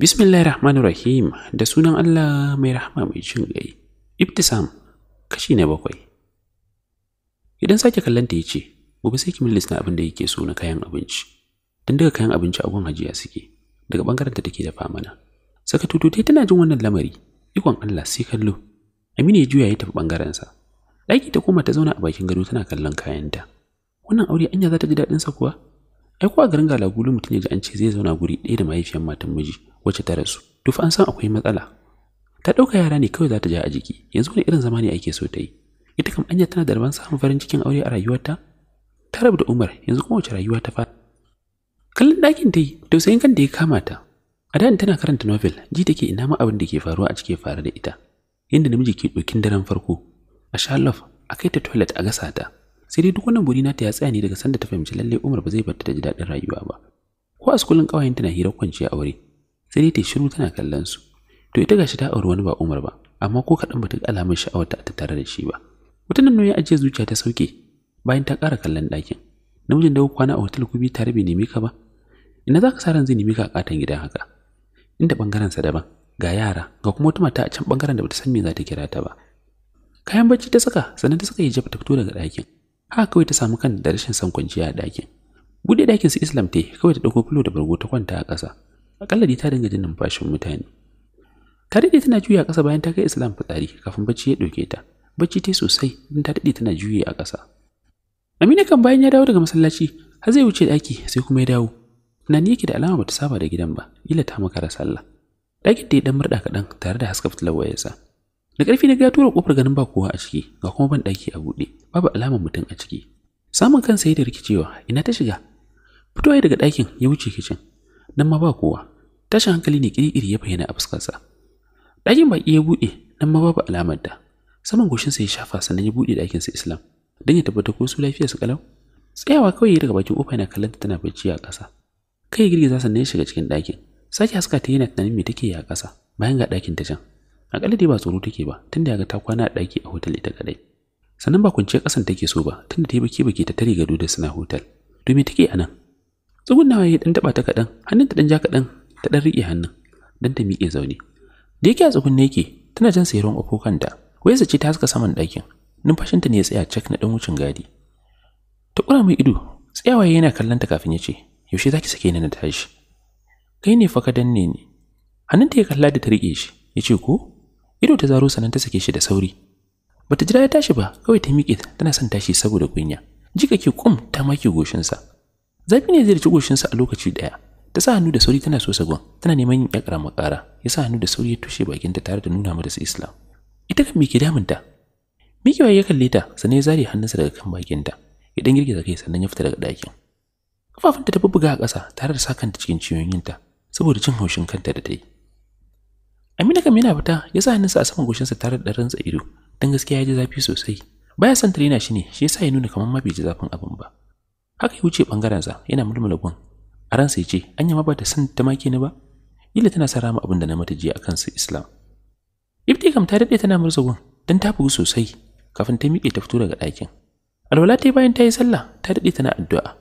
Bismillahi Rahmanir Rahim da sunan Allah mai rahama mai cin gai Ibtisam kashi na bakwai. Idan sake kallanta ya ce, gobe sai kimin listin abin da yake so na kayan abinci. don daga kayan abinci a hajiya suke, daga bangaren da take dafa mana. Saka tututai tana jin wannan lamari, ikon Allah sai kallo. Aminu ya juya ya tafi ɓangarensa Ɗaki ta koma ta zauna a bakin gado tana kallon kayanta. Wannan aure anya za ta ji dadin sa kuwa? Ai kuwa garin galagulu mutum ya ji an ce zai zauna guri ɗaya da mahaifiyar matan miji wacce ta rasu. Duk an san akwai matsala. Ta ɗauka yara ne kawai za ta ja a jiki. Yanzu ne irin zama ne ake so ta yi. Ita kam anya tana da rabon samun farin cikin aure a rayuwarta? Ta rabu da Umar yanzu kuma wace rayuwa ta fara. Kallon ɗakin ta yi tausayin kan da ya kama ta. A da tana karanta novel, ji take ina ma abin da ke faruwa a cikin fara da ita. Yanda namiji ke ɗokin daren farko, a Sherlock a kai ta toilet a gasa ta sai dai duk wannan buri ta ya tsaya ne daga sanda ta fahimci lalle Umar ba zai bar ta ji daɗin rayuwa ba ko a skulin kawayen tana hira kwanciya aure sai dai ta shiru tana kallon su to ita gashi ta auri wani ba Umar ba amma ko kaɗan bata ga alamar sha'awar ta tattare da shi ba Wata nan ya ajiye zuciya ta sauke bayan ta ƙara kallon ɗakin namijin da kwana a hotel kubi tare bai nemi ka ba ina za ka sa ran zai nemi ka a katon gidan haka inda ɓangarensa daban ga yara ga kuma wata mata a can ɓangaren da bata san me za ta kira ta ba kayan bacci ta saka sannan ta saka hijab ta fito daga ɗakin haka kawai ta samu kan da rashin son kwanciya a ɗakin buɗe ɗakin su islam te kawai ta ɗauko filo da bargo ta kwanta a ƙasa akalla dai ta dinga jin numfashin mutane ta daɗe tana juya a ƙasa bayan ta kai islam fitsari kafin bacci ya ɗauke ta bacci ta sosai don ta daɗe tana juye a ƙasa Amina kan bayan ya dawo daga masallaci har zai wuce ɗaki sai kuma ya dawo. Tunani yake da alama bata saba da gidan ba, ila ta maka sallah. Ɗakin da yi dan murɗa kaɗan tare da haska fitilar wayarsa. da ƙarfi na ga tura kofar ganin ba kowa a ciki ga kuma ban ɗaki a buɗe babu alamar mutum a ciki samun kansa ya da rikicewa ina ta shiga fitowa daga ɗakin ya wuce kicin nan ma ba kowa tashin hankali ne ƙiriƙiri ya bayyana a fuskarsa ɗakin baƙi ya buɗe nan ma babu alamar da saman sa ya shafa sannan ya buɗe sa islam don ya tabbatar ko su lafiya su kalau tsayawa kawai ya daga bakin kofa yana kallon tana bacci a ƙasa kai girgiza sannan ya shiga cikin ɗakin sake haska ta yana tunanin me take yi a ƙasa bayan ga ɗakin ta can akalla dai ba tsoro take ba tunda ga ta kwana a ɗaki a hotel ita kadai sannan ba kunce kasan take so ba tunda ta baki baki ta tare gado da suna hotel to me take anan nawa ya dan taba ta kaɗan hannunta dan ja kaɗan ta dan rike hannun dan ta miƙe zaune da yake a ne yake tana jan sayarwan kanta wayarsa ce ta haska saman ɗakin numfashinta ne ya tsaya cak na dan wucin gadi ta kura mai ido tsayawa yana kallon ta kafin ya ce yaushe zaki sake ni na tashi kai ne fa ka danne ni hannunta ya kalla da ta rike shi ya ko ido ta zaro sanan ta sake shi da sauri bata jira ya tashi ba kawai ta miƙe tana son tashi saboda kunya jika ke kum ta goshin goshinsa zafi ne zai rici sa a lokaci daya ta sa hannu da sauri tana so sagon tana neman yin yakara makara. ya sa hannu da sauri ya tushe bakinta tare da nuna mata su islam ita kan miƙe ta miƙe ya kalle ta sannan ya zare hannunsa daga kan bakinta ya dan girgiza kai sannan ya fita daga ɗakin kafafunta ta bubbuga a ƙasa tare da sa kanta cikin ciwon ta saboda cin haushin kanta da ta yi Aminu kam yana fita ya sa hannunsa a saman goshinsa tare da rantsa ido don gaskiya ya ji zafi sosai. Baya son yana shi ne shi yasa ya nuna kamar ma bai ji zafin abin ba. Haka ya wuce bangarensa yana mulmula gwan. A ransa ya ce anya ma ba ta san ta make ni ba. Ila tana sa rama abin da na mata jiya akan su Islam. Ifti kam ta daɗe tana murza gwan don ta bugu sosai kafin ta miƙe ta fito daga ɗakin. Alwala ta bayan ta yi sallah ta daɗe tana addu'a.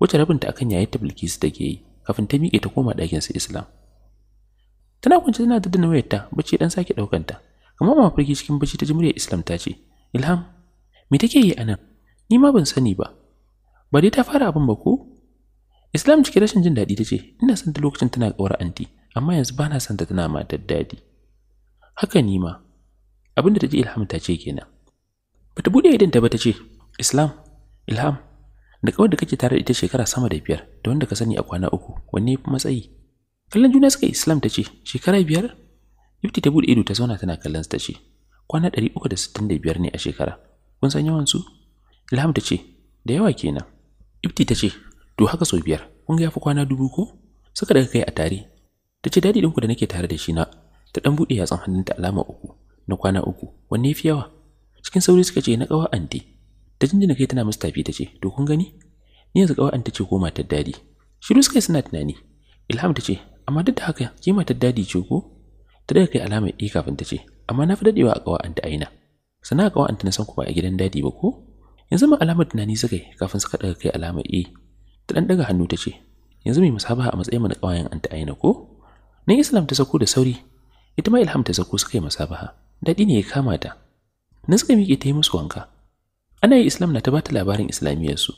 Wacce rabinta akan yayin ta Bilkisu take yi kafin ta miƙe ta koma ɗakin su Islam. tana kwance tana daddana wayarta bacci dan sake daukanta kamar mafarki cikin bacci ta ji Islam ta ce Ilham me take yi anan ni ma ban sani ba ba dai ta fara abin ba ko Islam cikin rashin jin daɗi ta ce ina san ta lokacin tana kawar anti amma yanzu ba na son ta tana matar dadi. haka ni ma abin da ta ji Ilham ta ce kenan bata bude idan ta ba ta ce Islam Ilham da kawai da kake tare da ita shekara sama da biyar da wanda ka sani a kwana uku wanne ya fi matsayi kallon juna suka islam ta ce shekara biyar ifti ta buɗe ido ta zauna tana kallon su ta ce kwana ɗari da da sittin uku biyar ne a shekara kun san yawan su ilham ta ce da yawa kenan ifti ta ce to haka sau biyar kun ga yafi kwana dubu ko suka daga kai a tare ta ce dadi ɗinku da nake tare da shi na ta ɗan buɗe yatsun hannunta alama uku na kwana uku wanne ya fi yawa cikin sauri suka ce na ƙawa anti ta jinjina kai tana musu tafi ta ce to kun gani ni yanzu ƙawa anti ce ko matar dadi shiru suka yi suna tunani ilham ta ce amma duk da haka kima ta dadi ce ko ta daga kai alamar i e kafin ta ce amma na fi dadewa a kawa ta aina sana kawa ta na san ku ba a gidan dadi ba ko yanzu ma alamar tunani suka yi kafin suka daga kai alamar i e. ta dan daga hannu ta ce yanzu mai musabaha a matsayin mana na anta aina ko nan islam ta sako da sauri ita ma ilham ta sako suka yi musabaha dadi ne ya kama ta na suka miƙe ta yi musu wanka ana yi islam na ta bata labarin su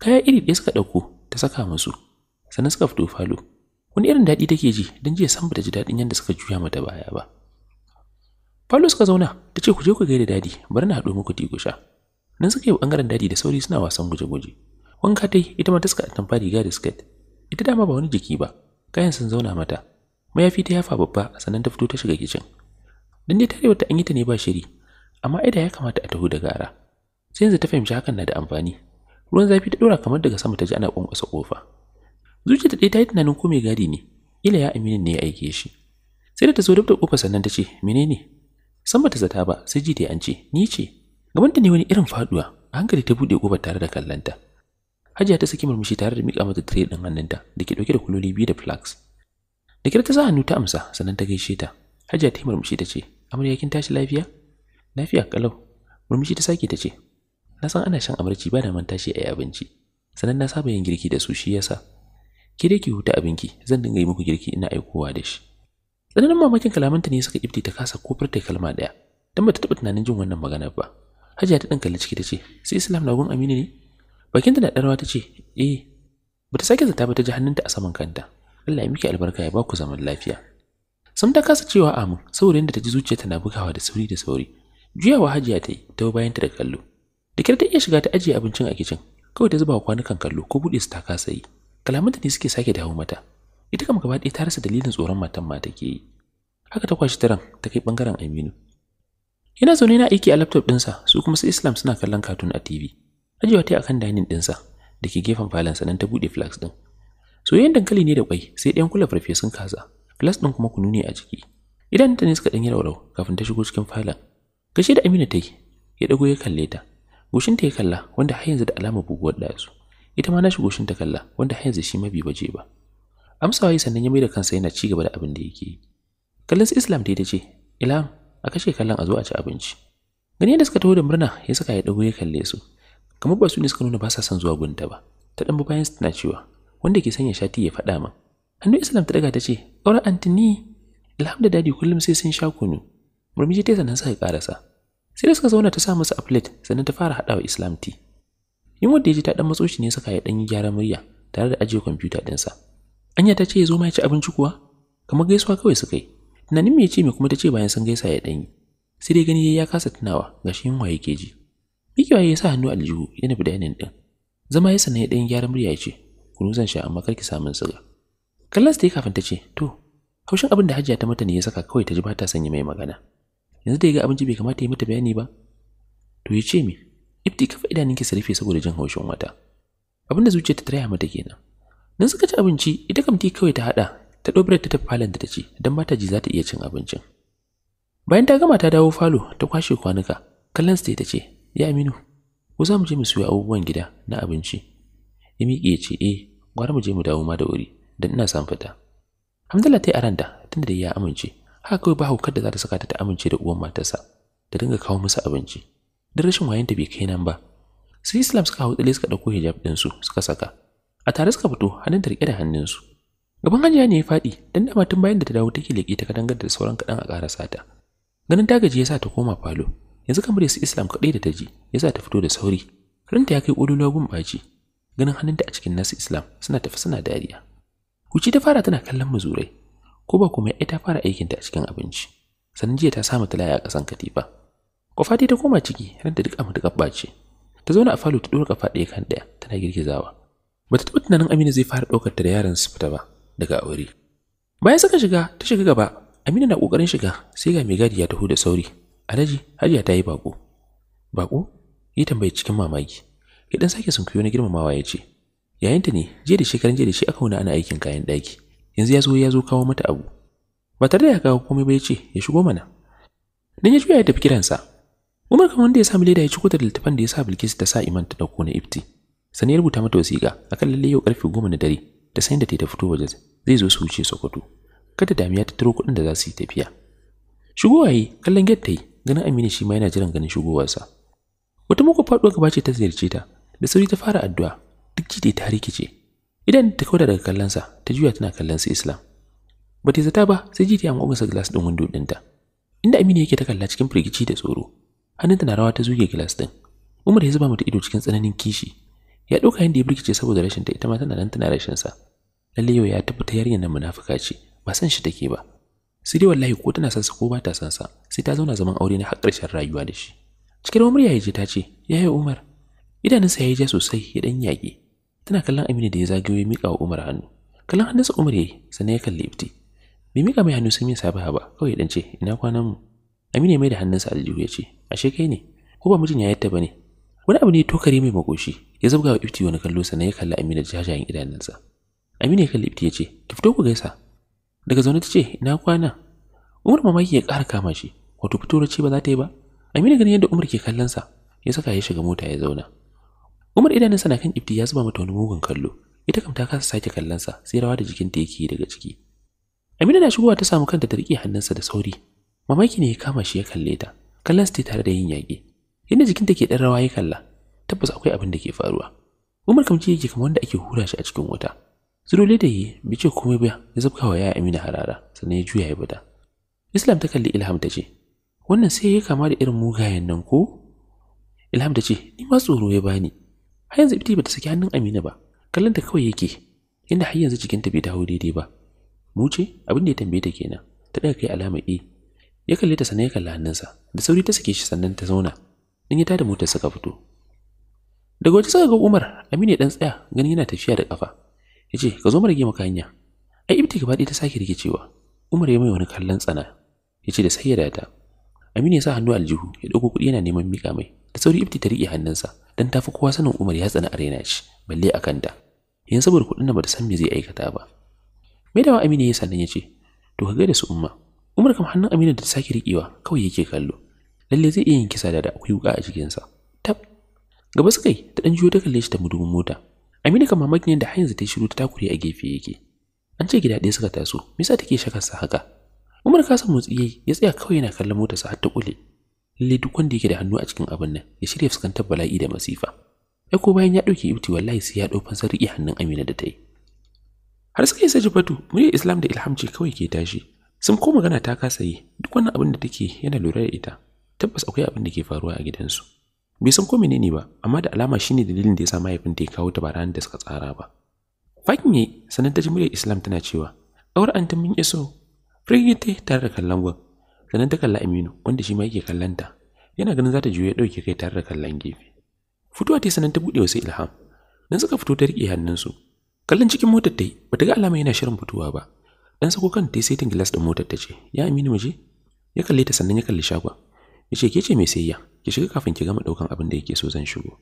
kaya iri ɗaya suka ɗauko ta saka musu sannan suka fito falo wani irin daɗi take ji don jiya san ta ji daɗin yadda suka juya mata baya ba Falo suka zauna ta ce ku je ku gai da daɗi bari na haɗu muku tigusha nan suka yi bangaren daɗi da sauri suna wasan guje-guje wanka dai ita ma ta suka atamfa riga da skirt ita dama ba wani jiki ba kayan sun zauna mata mayafi ta yafa babba sannan ta fito ta shiga kicin dan dai tarewar ta an yi ta ne ba shiri amma aida ya kamata a taho da gara sai yanzu ta fahimci hakan na da amfani ruwan zafi ta ɗora kamar daga sama ta ji ana ƙwanƙwasa kofa Zuciyarta ɗaya ta yi tunanin ko mai gadi ne, ila ya aminin ne ya aike shi. Sai da ta zo dab da ƙofa sannan ta ce, menene? San ba ta zata ba, sai ji ta an ce, ni ce. ta ne wani irin faɗuwa, a hankali ta buɗe kofar tare da kallanta. Hajiya ta saki murmushi tare da miƙa mata tire ɗin hannunta da ke ɗauke da kuloli biyu da flax Da kira ta sa hannu ta amsa sannan ta gaishe ta. Hajiya ta yi murmushi ta ce, Amarya kin tashi lafiya? Lafiya kalau. Murmushi ta sake ta ce, Na san ana shan amarci ba da man tashi a yi abinci. Sannan na saba yin girki da su shi yasa Ki dai ki huta abinki, zan dinga yi muku girki ina aikowa da shi. Tsananin mamakin kalamanta ne suka kifti ta kasa kofar ta kalma daya, dan bata taba tunanin jin wannan magana ba. Hajiya ta ɗan kalli ciki ta sai Islam na gun Aminu ne? Bakinta na ɗarwa ta ce, eh, bata sake zata ba ta ji hannunta a saman kanta. Allah ya miki albarka ya baku zaman lafiya. Sam ta kasa cewa amin, saboda da ta ji zuciyarta na bugawa da sauri da sauri. Juyawa Hajiya ta yi, ta bayanta da kallo. Da kyar ta iya shiga ta ajiye abincin a kicin, kawai ta zuba kwanukan kallo ko buɗe su ta kasa yi. kalamanta ne suke sake dawo mata ita kam gaba ɗaya ta rasa dalilin tsoron matan ma take yi haka ta kwashi taran ta kai bangaren Aminu yana zaune na aiki a laptop ɗinsa su kuma su Islam suna kallon cartoon a TV ajewa ta akan dining ɗinsa da ke gefen falon nan ta buɗe flax ɗin soyayyen dankali ne da kwai sai ɗayan kula farfesun kaza flax ɗin kuma kunu ne a ciki idan ta ne suka ɗan raurau kafin ta shigo cikin falon gashi da Aminu ta yi ya ɗago ya kalle ta gushinta ya kalla wanda har yanzu da alama buguwar ɗazu ita ma na shigo shin ta kalla wanda har yanzu shi mabi baje ba amsawa yi sannan ya mai da kansa yana ci gaba da abin da yake yi kallon su islam dai ta ce ilham a kashe kallon a zo a ci abinci gani yadda suka taho da murna ya saka ya dago ya kalle su kamar ba su ne suka nuna ba sa son zuwa gunta ba ta dan bayan su tana cewa wanda ke sanya shati ya faɗa min hannu islam ta daga ta ce aure antini ilham da dadi kullum sai sun sha kunu murmushi ta sannan suka karasa sai da suka zauna ta sa musu a plate sannan ta fara haɗawa islam tea in wanda ya ji ta dan matso shi ne saka ya dan yi murya tare da ajiye kwamfuta dinsa anya ta ce ya zoma ya ci abinci kuwa kamar gaisuwa kawai suka yi tunanin me ya ce me kuma ta ce bayan sun gaisa ya dan yi sai dai gani ya kasa tunawa ga shi yunwa ke ji Mikiwa ya sa hannu aljihu ya nufi yanin din. Zama ya sanya dan gyaran murya ya ce, "Kunu zan sha amma karki samun siga." Kallas ta yi kafin ta ce, "To, haushin abin da Hajiya ta mata ne ya saka kawai ta ji ba ta sanya mai magana. Yanzu da ya ga abinci bai kamata ya mata bayani ba." To ya ce Ifti kafa idanunki su rufe saboda jin haushin wata. Abinda zuciyarta ta raya mata kenan. Nan suka ci abinci, ita kamti kawai ta hada, ta dobre ta tafi falon da ta ci, don mata ji za ta iya cin abincin. Bayan ta gama ta dawo falo, ta kwashe kwanuka, kallon su ta ce, "Ya Aminu, ku za mu je mu siyo abubuwan gida na abinci?" Ya miƙe ya ce, "Eh, gwara mu je mu dawo ma da wuri, don ina san fita." Hamdallah ta yi aranta, tunda da ya amince, haka kawai ba da za ta saka ta ta amince da uwan matarsa, ta dinga kawo musu abinci. don rashin wayenta bai kai nan ba sai islam suka hau tsile suka ɗauko hijab ɗinsu suka saka a tare suka fito hannun ta riƙe da su gaban hajiya ne ya faɗi dan dama tun bayan da ta dawo take leƙe ta kadangar da sauran kaɗan a ƙarasa ta ganin ta gaji ya sa ta koma falo yanzu kamar su islam kaɗai da ta ji ya sa ta fito da sauri ranta ya kai ƙololuwa gun ɓaci ganin hannunta a cikin nasu islam suna tafi suna dariya huci ta fara tana kallon zurai. ko ba kuma ya ta fara aikinta a cikin abinci sannan jiya ta samu talaya a ƙasan katifa kofa ta koma ciki ranta duk amma duk abace ta zauna a falo ta dora kafa ɗaya kan ɗaya tana girgizawa bata taɓa tunanin Aminu zai fara ɗaukar ta da yaran su fita ba daga aure bayan saka shiga ta shiga gaba Aminu na kokarin shiga sai ga mai gadi ya taho da sauri Alhaji Hajiya ta yi bako Baƙo, yi tambaye cikin mamaki ya dan sake sunkuyo na girmamawa ya ce yayinta ne jiya da shekaran jiya da shi aka wuna ana aikin kayan ɗaki yanzu ya zo ya zo kawo mata abu ba tare da ya kawo komai ba ya ce ya shigo mana dan ya juya ya tafi kiransa Umar kan wanda ya sami leda ya ciko da littafan da ya sa Bilkisu ta sa Iman ta dauko na ifti. Sani ya rubuta mata wasiƙa akan lalle yau karfe goma na dare da sayin da ta ta fito waje zai zo su wuce Sokoto. Kada damiya ta taro kuɗin da za su yi tafiya. Shigowa yi kallon gate ta yi ganin Aminu shi ma yana jiran ganin shigowarsa. Wata muku faɗuwa gaba ce ta ziyarce ta da sauri ta fara addu'a duk jide ta rikice. Idan ta kauda daga sa ta juya tana kallon su Islam. Ba ta zata ba sai jita ya maɓuga glass ɗin window ɗinta. Inda Aminu yake ta kalla cikin firgici da tsoro. hannunta na rawa ta zuge gilas din Umar ya zuba mata ido cikin tsananin kishi ya ɗauka yanda ya birkice saboda rashin ta ita ma tana nan tana rashin sa lalle yau ya tabbata yarinyar nan munafuka ce ba san shi take ba sai dai wallahi ko tana san sa ko ba ta san sa sai ta zauna zaman aure na har ƙarshen rayuwa da shi cikin Umar ya ji ta ce yi Umar idanunsa ya yi ja sosai ya dan yage tana kallon Aminu da ya zagayo ya mika wa Umar hannu kallon hannunsa Umar yayi sannan ya kalli Ifti bai mika mai hannu sun yi sabaha ba kawai dan ce ina kwanan mu Aminu ya mai da hannunsa aljihu ya ce, "Ashe kai ne, ko ba mutum ya yadda ba ne?" Wani abu ne tokari mai makoshi, ya zabga wa ifti wani kallo sannan ya kalli Aminu da jajayen idanunsa. Aminu ya kalli ifti ya ce, "Ki fito ku gaisa." Daga zaune ta ce, "Ina kwana." Umar mamaki ya ƙara kama shi, wato fito ce ba za ta yi ba. Aminu ganin yadda Umar ke kallon sa, ya saka ya shiga mota ya zauna. Umar idanunsa na kan ifti ya zuba mata wani mugun kallo. Ita kam ta kasa sake kallon sa, sai rawa da jikinta yake daga ciki. Amina na shigowa ta samu kanta ta riƙe hannunsa da sauri, mamaki ne ya kama shi ya kalle ta kallon su tare da yin yaki. inda jikinta ke ɗan rawa ya kalla tabbas akwai abin da ke faruwa umar kamci yake kamar wanda ake hura shi a cikin wuta zurule da yi bai ce komai ba ya zabka wa yaya amina harara sannan ya juya ya bada islam ta kalli ilham ta ce wannan sai ya kama da irin mugayen nan ko ilham ta ce ni ma tsoro ya bani har yanzu ibti bata saki hannun amina ba kallon ta kawai yake inda har yanzu jikinta bai dawo daidai ba mu ce abin da ya tambaye ta kenan ta daga kai alama e ya kalli ta sanaye ya hannunsa da sauri ta sake shi sannan ta zauna in ya tada motar suka fito daga wata suka ga Umar Aminu dan tsaya ganin yana tafiya da kafa ce ka zo mu rage maka hanya ai ibti gaba ta sake cewa. Umar ya mai wani kallon tsana ya ce da sai ya data Aminu ya sa hannu aljihu ya dogo kuɗi yana neman mika mai da sauri ibti ta rike hannunsa dan tafi kowa sanin Umar ya tsana a raina shi balle a kanta yanzu saboda kudin da ta san me zai aikata ba mai dawa Aminu ya sannan yace to ka ga da su umma Umar kam hannun Aminu da ta sake riƙewa kawai yake kallo. Lalle zai iya yin kisa da da akwai wuƙa a sa Tab. Gaba suka yi ta ɗan juyo ta kalle shi ta mudubin mota. Aminu kam mamakin yadda har yanzu ta shiru ta takure a gefe yake. An ce gida ɗaya suka taso, me yasa take sa haka? Umar ka kasan motsi yayi ya tsaya kawai yana kallon motarsa har ta kule. Lalle duk wanda yake da hannu a cikin abin nan ya shirya fuskantar bala'i da masifa. Ai ko bayan ya dauke ibti wallahi sai ya ɗau fansar hannun Amina da ta yi. har suka yi sajibatu muryar islam da ilham kawai ke tashi sun ko magana ta kasa yi, duk wannan abin da take yana lura da ita. Tabbas akwai abin da ke faruwa a gidansu. Bai san ko menene ba, amma da alama shine dalilin da ya mahaifin ta ya kawo ta baran da suka tsara ba. Fakin ya sanar ta muryar Islam tana cewa, "Aure an ta mun iso." frigate tare da kallon gwan. Sanar ta kalla Aminu, wanda shi ma yake ta Yana ganin za ta juya ɗauke kai tare da kallon gefe. fitowa ta sanar ta buɗe wasu ilham. Nan suka fito ta riƙe hannunsu. Kallon cikin motar ta yi, bata ga alama yana shirin fitowa ba, Dan sako kan ta gilas glass din motar ta ce, "Ya amini mu je?" Ya kalle ta sannan ya kalli shagwa. Ya ce, "Ke ce mai sayayya, ki shiga kafin ki gama daukan abin da yake so zan shigo."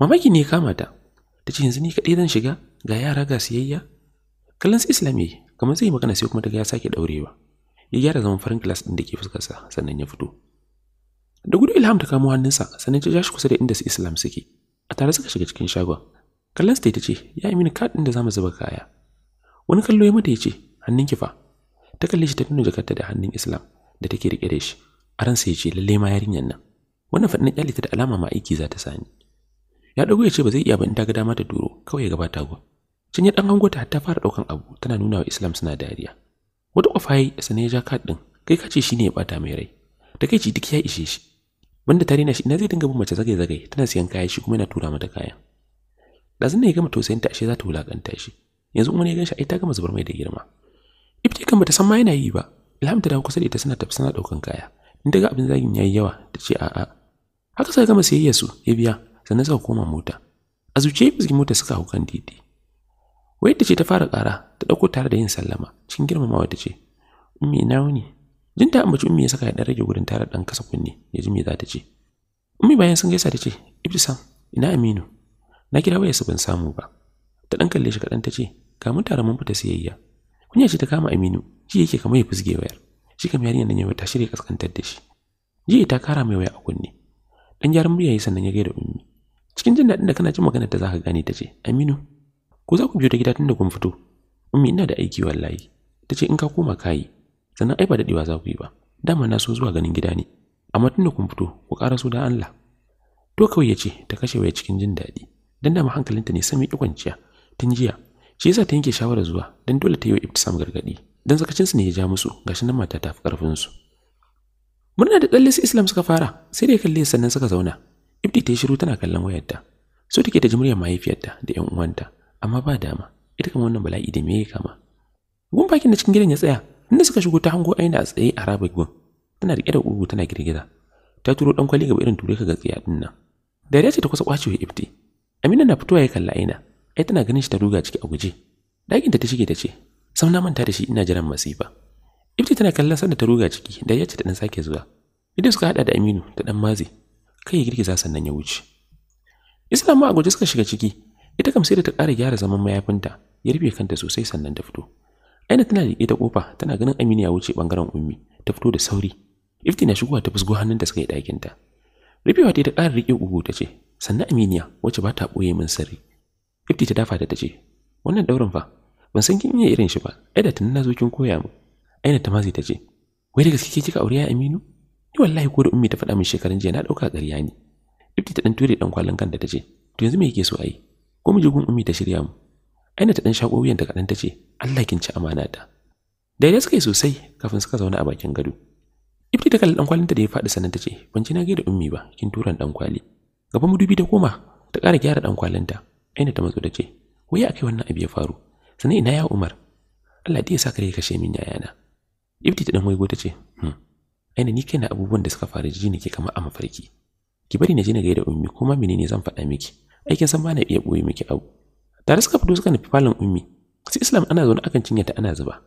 Mamaki ne ya kama ta. Ta ce, "Yanzu ni kaɗai zan shiga? Ga yara ga siyayya?" Kallon su Islam yi, kamar zai magana sai kuma ta ga ya sake daurewa. Ya gyara zaman farin gilas din da ke fuskarsa sannan ya fito. Da gudu Ilham ta kamo hannunsa sannan ta ja shi kusa da inda su Islam suke. A tare suka shiga cikin shagon. Kallon ta ce, "Ya amini kaɗin da za mu zuba kaya." Wani kallo ya mata ya ce, Hannun Kifa, ta kalle shi ta nuna jakarta da hannun islam da take rike da shi a ran ya ce lalle ma yarinyar nan wannan faɗin ta da alama ma aiki za ta sani ya dago ya ce ba zai iya ba in ta ga dama ta duro kawai ya gabata gwa can ya dan hango ta ta fara daukan abu tana nuna wa islam suna dariya wata kwafa yi sane ya ja kad din kai kace ne ya bata mai rai da kai ci duk ya ishe shi banda tare na shi ina zai dinga bin mace zagaye zagaye tana siyan kaya shi kuma yana tura mata kayan dazun ne ya gama tausayin ta ashe za ta wulaƙanta shi yanzu wani ya ganshi ai ta gama zubar mai da girma Ibti kan bata san ma yana yi ba. Ilham ta dawo kusa da ita suna tafi suna daukan kaya. In daga abin zagin yayi yawa ta ce a'a. Haka sai gama sayayya su ya biya sannan suka koma mota. A zuciya fizgin mota suka hau kan titi. Wayar ta ce ta fara kara ta ɗauko tare da yin sallama cikin girmamawa ta ce Ummi ina wuni. Jin ta ambaci Ummi ya saka ya ɗan rage gudun tare ɗan kasa kunne ya ji me za ta ce. Ummi bayan sun gaisa ta ce san ina Aminu na kira su ban samu ba. Ta ɗan kalle shi kaɗan ta ce ga mun tare mun fita siyayya kunya ce ta kama Aminu ji yake kamar ya fusge wayar shi kam yarinya nan ya ta shirya kaskantar da shi ji ta kara mai waya a kunne dan gyaran murya yayi sannan ya gaida ummi cikin jin daɗin da kana jin magana ta zaka gane ta ce Aminu ko za ku biyo ta gida tunda kun fito ummi ina da aiki wallahi tace in ka koma kayi sannan ai ba daɗewa za ku yi ba dama na so zuwa ganin gida ne amma tunda kun fito ku ƙara so da Allah to kawai ya ce ta kashe waya cikin jin daɗi dan hankalin hankalinta ne sami kwanciya tun jiya shi yasa ta yanke shawarar zuwa don dole ta yi wa Ibtisam gargaɗi don sakacinsu ne ya ja musu gashi nan mata ta fi ƙarfinsu. Murna da tsalle su Islam suka fara sai da ya kalle sannan suka zauna. Ibti ta yi shiru tana kallon wayarta. So take ta ji muryar mahaifiyarta da ‘yan uwanta amma ba dama ita kama wannan bala'i da me ya kama. Gun bakin da cikin gidan ya tsaya inda suka shigo ta hango aina a tsaye a raba gun tana riƙe da ƙugu tana girgiza. Ta turo ɗan kwali gaba irin ture ka gatsiya ɗin nan. Dariya ce ta kusa ƙwacewa ibdi Amina na fitowa ya kalla aina ai tana ganin shi ta ruga ciki a guje dakin ta shige ta ce sau na manta da shi ina jiran masifa ifti tana kallon sanda ta ruga ciki da ya ce ta dan sake zuwa idan suka hada da aminu ta dan maze kai ya girgiza sannan ya wuce islam ma a guje suka shiga ciki ita kam sai da ta kara gyara zaman mayafinta ya rufe kanta sosai sannan ta fito aina tana riƙe ta kofa tana ganin aminu ya wuce bangaren ummi ta fito da sauri ifti na shigowa ta fusgo hannun da suka yi ɗakinta rufewa ta ƙara riƙe ugu ta ce sannan aminiya wacce ba ta boye min sirri Ifti ta dafa ta ce "Wannan daurin fa, ban san kin iya irin shi ba. Ai da tun nazo kin koya mu." Aina ta mazi tace, "Wai da gaske kika aure ya Aminu?" Ni wallahi ko da ummi ta faɗa min shekaran jiya na dauka ƙarya ne. Ifti ta dan ture dan kwalin kanta tace, "To yanzu me yake so ai?" Ko mu je ummi ta shirya mu. Aina ta dan shako wuyan ta kadan tace, "Allah kin ci amana ta." Daidai suka yi sosai kafin suka zauna a bakin gado. Ifti ta kalli dan kwalin ta da ya faɗi sannan tace, "Ban ji na gaida ummi ba, kin turan dan kwali." mu madubi ta koma, ta ƙara gyara dan kwalin ta. aina ta matso da ce wai akai wannan abu ya faru sannan ina ya Umar Allah da ya sa kare kashe min yayana Ibti ta dan waigo ta ce hmm aina ni na abubuwan da suka faru ji nake kamar a mafarki ki bari na je na gaida ummi kuma menene zan faɗa miki aikin san ba na iya boye miki abu Da suka fito suka nufi falon ummi sai Islam ana zaune akan cinyata ana zuba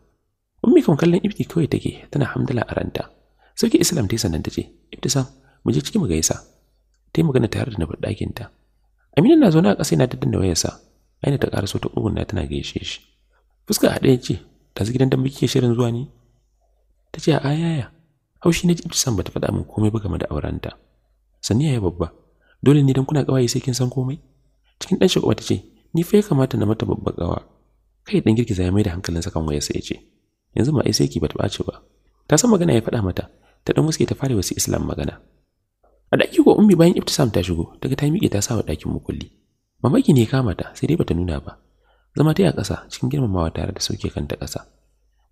ummi kan kallon Ibti kawai take tana hamdala a ranta sauke Islam ta yi sannan ta ce Ibti sa mu je ciki mu gaisa ta yi magana tare da na ɗakin ta Aminu na zaune a ƙasa yana ta da wayarsa. Aina ta so ta na tana gaishe shi. Fuska a ɗaya ce, ɗazu gidan da muke shirin zuwa ni. Ta ce a ayaya, haushi na ji san bata faɗa min komai ba game da aurenta. Sani ya babba, dole ne don kuna ƙawaye sai kin san komai? Cikin ɗan shagwa ta ce, ni fa ya kamata na mata babba ƙawa. Kai ɗan girgiza ya mai da hankalin kan wayarsa ya ce, yanzu ma ai sai ki bata bace ba. Ta san magana ya faɗa mata, ta ɗan wuske ta fara wasu Islam magana. A ɗaki ko ummi bayan Ibtisam ta shigo, daga ta miƙe ta sawa ɗakin mukulli. Mamaki ne kama ta, sai dai bata nuna ba. Zama ta yi a ƙasa cikin girmamawa tare da sauke kanta ƙasa.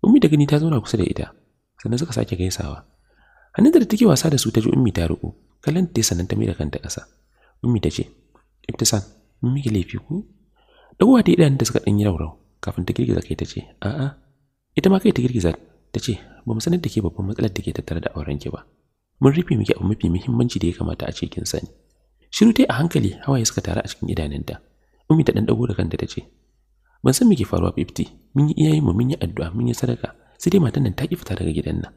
Ummi da gani ta zauna kusa da ita, sannan suka sake gaisawa. hannun da take wasa da su ta ji ummi ta riƙo, kallon ta sannan ta mai kanta ƙasa. Ummi ta ce, Ibtisam, mun miki laifi ko? Ɗagowa ta idanun da suka ɗan yi raurau, kafin ta girgiza kai ta ce, A'a, ita ma kai ta girgiza ta ce, ba mu sanar da ke babban matsalar da ke tattare da aurenki ba. mun rufe miki abu mafi muhimmanci da ya kamata a cikin sani shiru tai a hankali hawaye suka taru a cikin idanunta ummi ta dan dago da kanta tace ban san miki faruwa 50 mun yi iyayen mu mun yi addu'a mun yi sadaka sai dai matan nan ta ki fita daga gidan nan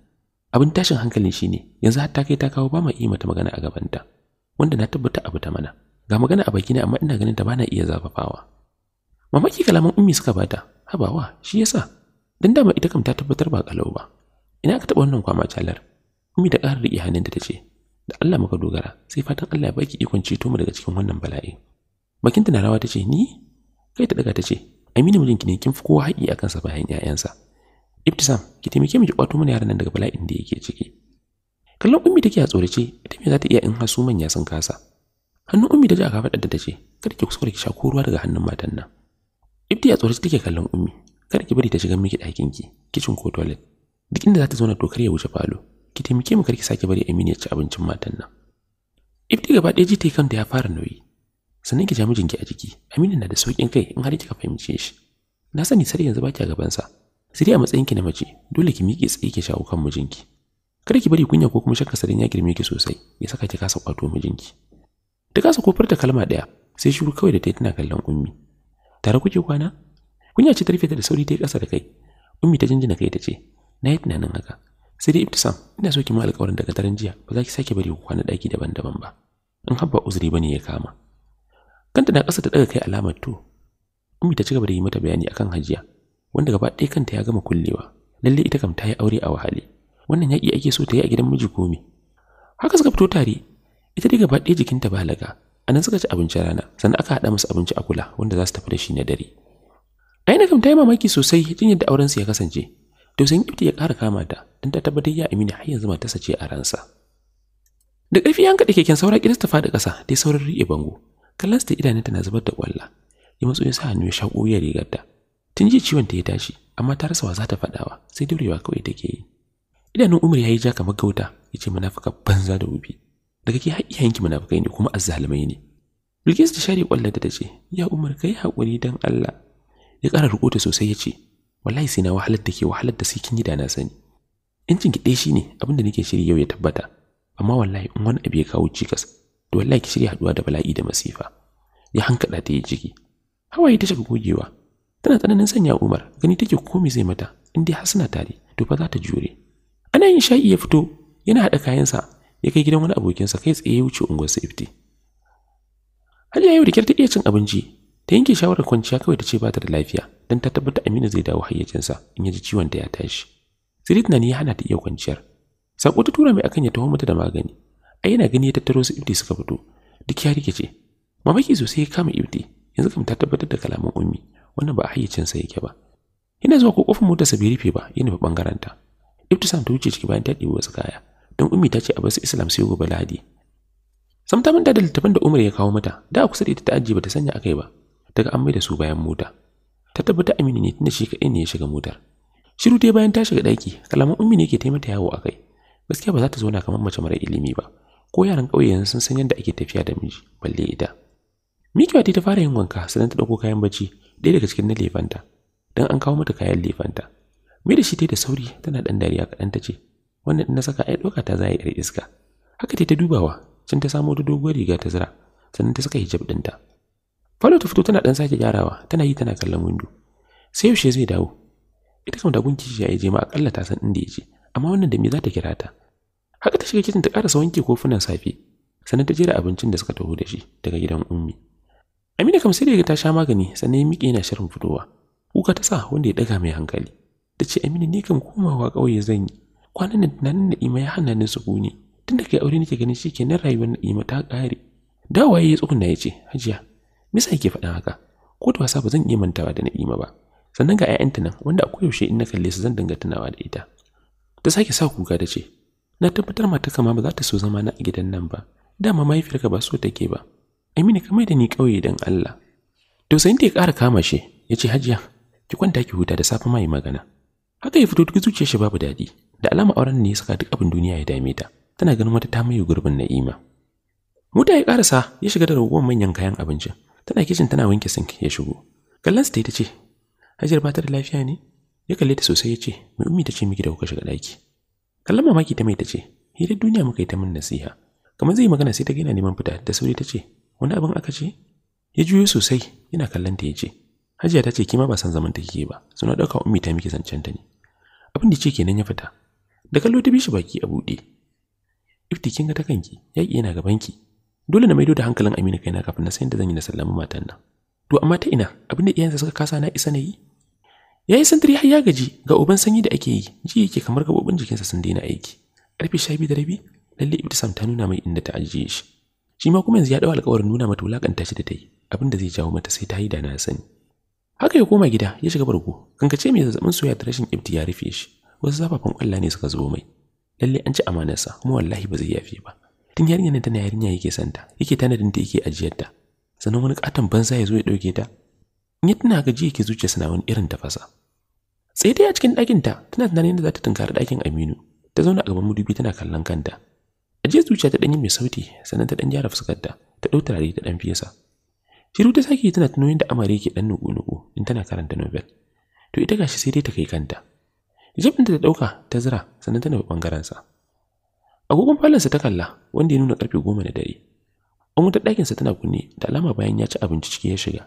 abin tashin hankalin shine yanzu har ta kai ta kawo ba ma iya mata magana a gabanta wanda na tabbata abu ta mana ga magana a bakina amma ina ganin ta bana iya zafafawa mamaki kalaman ummi suka bata habawa shi yasa dan dama ita kam ta tabbatar ba kalau ba ina ka taba wannan kwama calar Ummi da ƙarar riƙe da ta ce, Da Allah muka dogara, sai fatan Allah ya baki ikon ceto mu daga cikin wannan bala'i. Bakinta na rawa ta ce, Ni? Kai ta daga ta ce, Aminu mijinki ne kin fi kowa haƙi a kansa bayan 'ya'yansa. Ibtisam, ki taimake mu ki kwato mana yaran nan daga bala'in da yake ciki. Kallon Ummi take a tsorace, ita me za ta iya in hasu manya sun kasa. Hannun Ummi da ji a kafaɗar da ta ce, Kada ki kuskure ki sha ruwa daga hannun matan nan. Ibti a tsorace take kallon Ummi, kada ki bari ta shiga miki ɗakin ki, kicin ko toilet. Duk inda za ta zauna to kar ya wuce falo. ki taimake mu karki sake bari Aminu ya ci abincin matan nan ifti gaba ɗaya ji ta kanta ya fara nauyi sannan ki ja mijinki a jiki Aminu na da sauƙin kai in har kika fahimce shi na sani sai yanzu baki a gaban sa sai a matsayin ki na mace dole ki miƙe tsaye ki shawo kan mijinki Kar ki bari kunya ko kuma shakka sarin ya girme ki sosai ya saka ki kasa kwato mijinki ta kasa kofar ta kalma daya sai shiru kawai da ta tana kallon ummi tare kuke kwana kunya ce ta rufe ta da sauri ta yi kasa da kai ummi ta jinjina kai ta ce na yi tunanin haka sai dai ibtisam ina so ki mu alƙawarin daga daren jiya ba za ki sake bari ku kwana ɗaki daban-daban ba in har ba uzuri bane ya kama kanta na ƙasa ta daga kai alamar to ummi ta gaba da yi mata bayani akan hajiya wanda gaba ɗaya kanta ya gama kullewa lalle ita kam ta yi aure a wahale wannan yaƙi ake so ta yi a gidan miji ko haka suka fito tare ita dai gaba ɗaya jikinta balaga a nan suka ci abincin rana sannan aka haɗa musu abinci a kula wanda za su tafi da shi na dare aina kam ta yi mamaki sosai jin yadda aurensu ya kasance Tausayin Ifti ya ƙara kama ta, don ta tabbatar ya amini har yanzu matarsa ce a ransa. Da ƙarfi ya kaɗe keken saura ƙiris ta faɗi ƙasa, dai saurin riƙe bango. Kallon ta idanunta na zubar da ƙwalla. Ya matso ya sa hannu ya shaƙo rigar rigarta. Tun ji ciwon ta ya tashi, amma ta rasa wa za ta faɗawa, sai durewa kawai take yi. Idanun Umar ya yi ja kamar gauta, ya ce munafuka banza da wubi. daga ki har iyayenki munafukai ne kuma azzalumai ne. Bilkisu ta share ƙwallon ta ce, Ya Umar, ka yi haƙuri don Allah. Ya ƙara riƙo sosai ya ce, wallahi sai na wahalar da ke wahalar da sai kin yi da na sani injin ki shi ne abin da nake shiri yau ya tabbata amma wallahi in wani abu ya kawo cikas to wallahi ki shirya haduwa da bala'i da masifa ya hankaɗa ta yi jiki. hawaye ta shiga gogewa tana tsananin sanya Umar gani take komai zai mata in dai har suna tare to fa za ta jure ana yin sha'i ya fito yana haɗa kayansa ya kai gidan wani abokinsa kai tsaye ya wuce unguwar safety har yau da kyar ta iya cin abinci ta yanke shawarar kwanciya kawai ta ce ba ta da lafiya don ta tabbata Aminu zai dawo hayyacinsa in ya ji ciwon da ya tashi. na ne ya hana ta iya kwanciyar. Sako ta tura mai akan ya taho mata da magani. a yana gani ya tattaro su Ibti suka fito. Duk ya rikice. Mamaki sosai ya kama Ibti. Yanzu kam ta tabbatar da kalaman Ummi wannan ba a hayyacinsa yake ba. Yana zuwa ko kofin motarsa bai rufe ba yana nufi bangaren ta. ta wuce ciki bayan ta ɗebi wasu kaya. Don Ummi ta ce a basu Islam sai gobe Lahadi. Sam ta manta da littafin da Umar ya kawo mata. Da kusa da ita ta ajiye bata sanya akai ba. Daga an maida su bayan mota ta tabbata aminu ne tunda shi kaɗai ne ya shiga motar shiru dai bayan ta shiga ɗaki kalaman ummi ne ke taimata yawo a kai gaskiya ba za ta zauna kamar mace mara ilimi ba ko yaran ƙauye yanzu sun san yadda ake tafiya da miji balle ita mikiwa ta fara yin wanka sannan ta ɗauko kayan bacci ɗaya daga cikin na lefanta don an kawo mata kayan lefanta mai da shi ta da sauri tana ɗan dariya kaɗan ta ce wannan na saka ai ɗauka ta za a iska haka ta dubawa sun ta samo ta doguwar riga ta zira sannan ta saka hijab ɗinta Falo ta fito tana dan sake gyarawa, tana yi tana kallon windo. Sai yaushe zai dawo? Ita kam da gunki ya je ma akalla ta san inda ya amma wannan da me za ta kira ta? Haka ta shiga kitchen ta karasa wanke kofunan safe, sannan ta jera abincin da suka taho da shi daga gidan ummi. Amina kam sai da ta sha magani sannan ya miƙe yana shirin fitowa. Kuka ta sa wanda ya daga mai hankali. Ta ce Amina ni kam komawa ƙauye zan yi. Kwanan nan tunanin Na'ima ya hana ni sukuni. Tun da kai aure nake ganin shi kenan rayuwar Na'ima ta ƙare. Dawaye ya tsuguna ya ce, Hajiya, misa yake faɗin haka ko da wasa ba zan iya mantawa da Na'ima ba sannan ga 'ya'yanta nan wanda a koyaushe in na kalle su zan dinga tunawa da ita ta sake sa kuka da ce na tabbatar mata kama ba za ta so zama na a gidan nan ba dama mahaifiyarka ba so take ba Aminu kamar da ni kauye don Allah to sai ta ya ƙara kama shi ya ce hajiya ki kwanta ki huta da safe ma magana haka ya fito duk zuciyar shi babu daɗi da alama auren ne ya saka duk abin duniya ya dame ta tana ganin wata ta mai gurbin Na'ima Muta ya ƙarasa ya shiga da raguwar manyan kayan abincin tana kicin tana wanke sink ya shigo kallon ta ta ce hajiyar bata da lafiya ne ya kalle ta sosai ya ce mai ummi ta ce miki da kuka shiga daki kallon mamaki ta mai ta ce hira duniya muka yi ta min nasiha kamar zai magana sai ta gina neman fita da sauri ta ce wani abin aka ce ya juyo sosai yana kallon ta ya ce hajiya ta ce kima ba san zaman ta kike ba suna ɗauka ummi ta miki zancen ta ne abin da ce kenan ya fita da kallo ta bishi baki a buɗe ifti ga ta kanki yaƙi yana gabanki dole na maido da hankalin Aminu kaina kafin na san yadda zan yi na sallami matan nan to amma ta ina abin da iyayensa suka kasa na isa na yi ya yi santiri har ya gaji ga uban sanyi da ake yi ji yake kamar gabobin jikinsa sun daina aiki karfe sha biyu da rabi lalle ibtisam ta nuna mai inda ta ajiye shi shi ma kuma yanzu ya ɗau alƙawarin nuna mata wulaƙanta shi da ta yi abin da zai jawo mata sai ta yi da na sani haka ya koma gida ya shiga bargo kankace mai zazzabin soya da rashin ibti ya rufe shi wasu zafafan ƙwalla ne suka zubo mai lalle an ci amanarsa kuma wallahi ba zai yafe ba tun yarinyar ne tana yarinya yake santa yake tanadin ta yake ajiyar ta sannan wani katon banza ya zo ya dauke ta in ya tana gaji yake zuciya suna wani irin tafasa sai dai a cikin ɗakin ta tana tunanin yadda za ta tunkari ɗakin Aminu ta zauna a gaban madubi tana kallon kanta ajiyar zuciya ta yi mai sauti sannan ta ɗan gyara fuskar ta ta dau turare ta dan fesa shiru ta sake tana tunoyin da amare yake ɗan nuku-nuku in tana karanta novel to ita gashi sai dai ta kai kanta hijab da ta ɗauka ta zira sannan ta ɓangaren sa agogon falonsa ta kalla wanda ya nuna karfe goma na dare an wutar ɗakinsa tana kunne da alama bayan ya ci abinci ciki ya shiga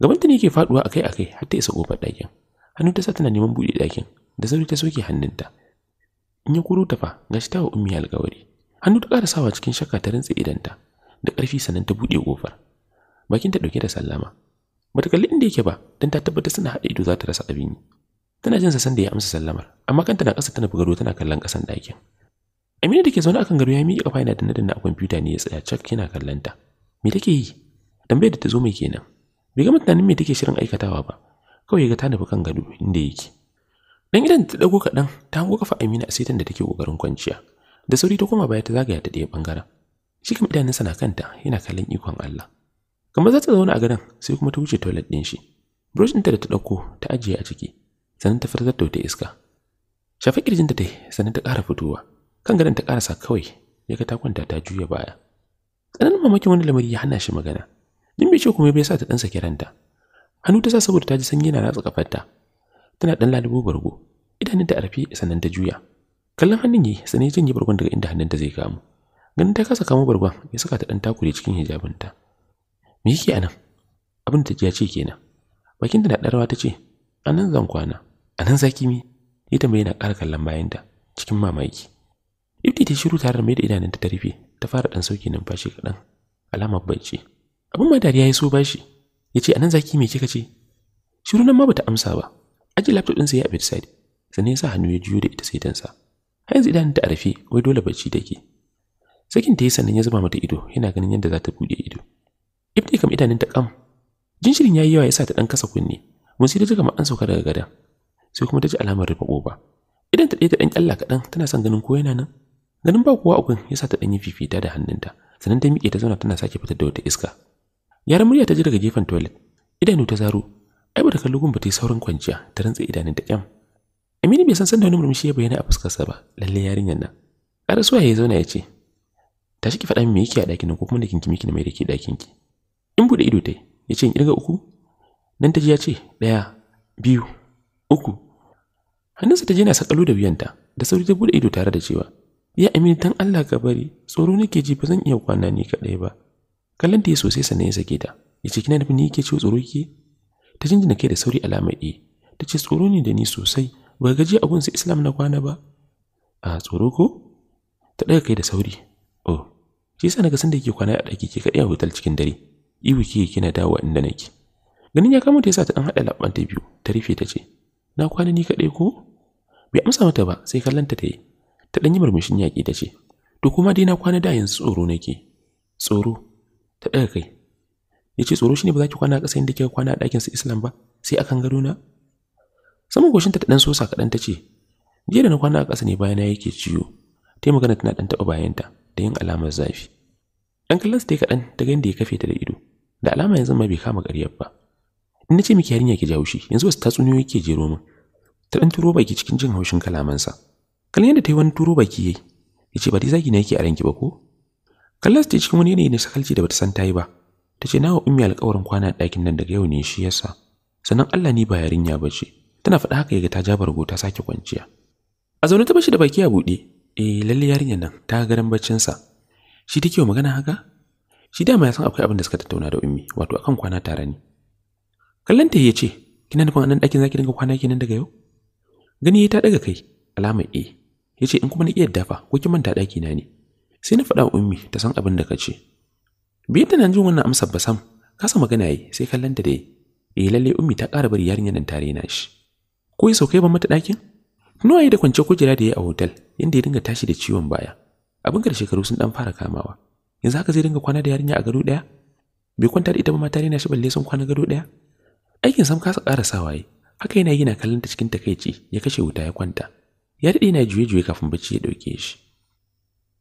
gabanta ne yake faduwa akai akai har ta isa kofar ɗakin hannu ta sa tana neman buɗe ɗakin da sauri ta soke hannunta in ya kuro ta fa gashi ta ummi ummi alƙawari hannu ta ƙara sawa cikin shakka ta idan idanta da ƙarfi sannan ta buɗe kofar bakinta ɗauke da sallama bata kalli inda yake ba don ta tabbata suna haɗa ido za ta rasa abin yi tana jin sa sanda ya amsa sallamar amma kanta na ƙasa tana bugado tana kallon ƙasan ɗakin Aminu da ke zaune akan gado ya miƙe kafa yana danne danne a kwamfuta ne ya tsaya cak yana kallon ta. Me take yi? Tambayar da ta zo mai kenan. Bai ga mutanen me take shirin aikatawa ba. Kawai ya ga ta nufi kan gado inda yake. Dan idan ta dago kaɗan ta hango kafa amina a saitan da take kokarin kwanciya. Da sauri ta koma baya ta zagaya ta ɗaya bangaren. Shi kam idanunsa na kanta yana kallon ikon Allah. Kamar za ta zauna a gadon sai kuma ta wuce toilet ɗin shi. Brush ɗinta da ta ɗauko ta ajiye a ciki. Sannan ta fitar da wata iska. Shafa ƙirjinta ta sannan ta ƙara fitowa. kan gadon ta karasa kawai ya ga ta kwanta ta juya baya tsananin mamakin wani lamari ya hana shi magana jin bai ce kuma bai sa ta dan saki ranta hannu ta sa saboda ta ji sanyi na ratsa kafarta tana dan lalubo bargo idanunta ta rufe sannan ta juya kallon hannun yi sanin ya yi bargon daga inda hannun ta zai kamu ganin ta kasa kamo bargon ya saka ta dan takure cikin hijabinta me yake anan abin da ta ce kenan bakin ta na darawa ta ce anan zan kwana anan zaki mi ya mai na ƙara kallon bayanta cikin mamaki Ifti ta shiru tare da mai da idanunta ta rufe, ta fara ɗan sauki numfashi kaɗan, alamar bacci. Abin ma dariya ya so bashi, ya ce a nan zaki me kika ce? Shiru nan ma bata amsa ba, aji laptop ɗinsa ya abin side, sannan ya sa hannu ya juyo da ita saitansa. Har yanzu idanunta a rufe, wai dole bacci take. Sakin ta yi sannan ya zuba mata ido, yana ganin yadda za ta buɗe ido. Ifti kam idanunta kam, jinshirin ya yi yawa ya sa ta ɗan kasa kunne, mun sai ta gama an sauka daga gada. sai kuma ta ji alamar rufe ƙofa. Idan ta ɗaya ta ɗan ƙyalla kaɗan tana son ganin ko yana nan. ganin ba kowa ukun ya sa ta danyi fifita da hannunta sannan ta miƙe ta zauna tana sake fitar da wata iska yaran murya ta ji daga gefen toilet idanu ta zaro ai bata kalli gun ba ta yi saurin kwanciya ta rantsa idanun ta kyam Aminu bai san san da wani murmushi ya bayyana a fuskarsa ba lalle yarinyar nan ƙara suwa ya zauna ya ce tashi ki faɗa min me yake a ɗakin nan ko kuma da kinki miki na mai da ke ɗakin ki in bude ido tai ya ce in kirga uku nan ta ji ya ce ɗaya biyu uku hannunsa ta je na saƙalo da wuyanta da sauri ta bude ido tare da cewa ya amin dan Allah ka bari tsoro nake ji ba zan iya kwana ni kadai ba kallon ta sosai sannan ya sake ta ya ce kina da ni yake ciwo tsoro ke ta jinjina kai da sauri alamar e ta ce tsoro ne da ni sosai ba gaji a gunsa islam na kwana ba a tsoro ko ta daga kai da sauri oh shi yasa naga san yake kwana a ɗaki ke kaɗai a hotel cikin dare iwu ke kina dawo inda nake ganin ya kamata yasa ta dan hada labban ta biyu ta rufe ta ce na kwana ni kadai ko bai amsa mata ba sai kallanta ta yi ta ɗan yi murmushin yaƙi ta ce to kuma dai na kwana da yanzu tsoro nake tsoro ta ɗaga kai ya ce tsoro shine ba za ki kwana a ƙasa inda kika kwana a ɗakin su islam ba sai akan gado na saman goshinta ta ɗan sosa kaɗan ta ce jiya da na kwana a ƙasa ne bayana yake ciwo ta yi magana tana ɗan taɓa bayanta da yin alamar zafi ɗan kallon ta yi kaɗan ta ga ya kafe ta da ido da alama yanzu ma bai kama ƙaryar ba in na ce miki yarinya ki jawo shi yanzu wasu tatsuniyoyi ke jero min ta ɗan turo baki cikin jin haushin kalamansa kallon yadda ta yi wani turo baki yayi ya ce ba dai zagi ne yake a ranki ba ko kallon ta cikin wani yanayi na sakalci da bata san ta yi ba ta ce nawa ummi alƙawarin kwana a ɗakin nan daga yau ne shi yasa sannan Allah ni ba yarinya ba ce tana faɗa haka yaga ta ja bargo ta sake kwanciya a zaune ta bashi da baki a buɗe e lalle yarinyar nan ta ga garan baccin sa shi take magana haka shi dama ya san akwai abin da suka tattauna da ummi wato akan kwana tare ne kallon ta yace kina nufin anan ɗakin zaki dinga kwana kenan daga yau gani ta daga kai alamar eh ya ce in kuma na iya dafa ko kin manta daki na ne sai na faɗa ummi ta san abin da ka ce biyar da nan jin wannan amsar basam kasa magana yi sai kallon ta da yi eh lalle ummi ta ƙara bari yarinyar nan tare na shi ko ya saukai ban mata ɗakin nawa da kwance ko kujera da ya a hotel inda ya dinga tashi da ciwon baya abin da shekaru sun dan fara kamawa yanzu haka zai dinga kwana da yarinya a gado ɗaya bai kwanta da ita ba ma tare na shi balle sun kwana gado ɗaya aikin sam kasa ƙara sawaye haka yana yi na kallon cikin takaici ya kashe wuta ya kwanta ya daɗe na juye-juye kafin bacci ya ɗauke shi.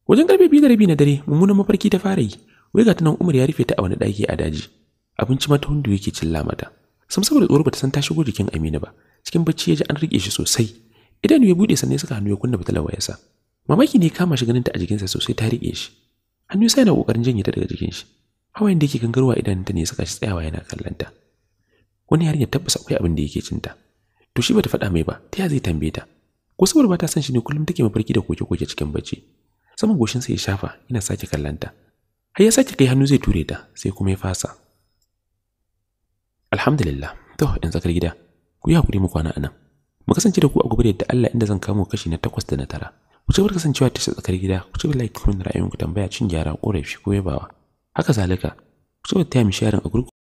Wajen ƙarfe biyu da rabi na dare mummunan mafarki ta fara yi, wai ga tunan Umar ya rufe ta a wani ɗaki a daji. Abinci mata hundu yake cilla mata. Sam saboda tsoro bata san ta shigo jikin Aminu ba. Cikin bacci ya ji an riƙe shi sosai. Idanu ya buɗe sannan suka hannu ya kunna fitilar wayarsa. Mamaki ne kama shi ganin ta a jikinsa sosai ta riƙe shi. Hannu sai yana ƙoƙarin janye ta daga jikin shi. Hawayen da yake gangarwa ta ne suka shi tsayawa yana kallon ta. Wani yarinya tabbas akwai abin da yake cinta. To shi bata faɗa mai ba, ta ya zai tambaye ta. ko saboda ba ta son shi ne kullum take mafarki da koke-koke cikin bacci saman goshin sa ya shafa yana sake kallanta har ya sake kai hannu zai ture ta sai kuma ya fasa alhamdulillah to in zakar gida ku yi hakuri mu kwana anan mu kasance da ku a gobe da Allah inda zan kamo kashi na takwas da na tara ku ci kasancewa ta tsakar gida ku ci like kun ra'ayinku tambaya cin gyara korafi ko yabawa haka zalika ku ci ta mi sharing a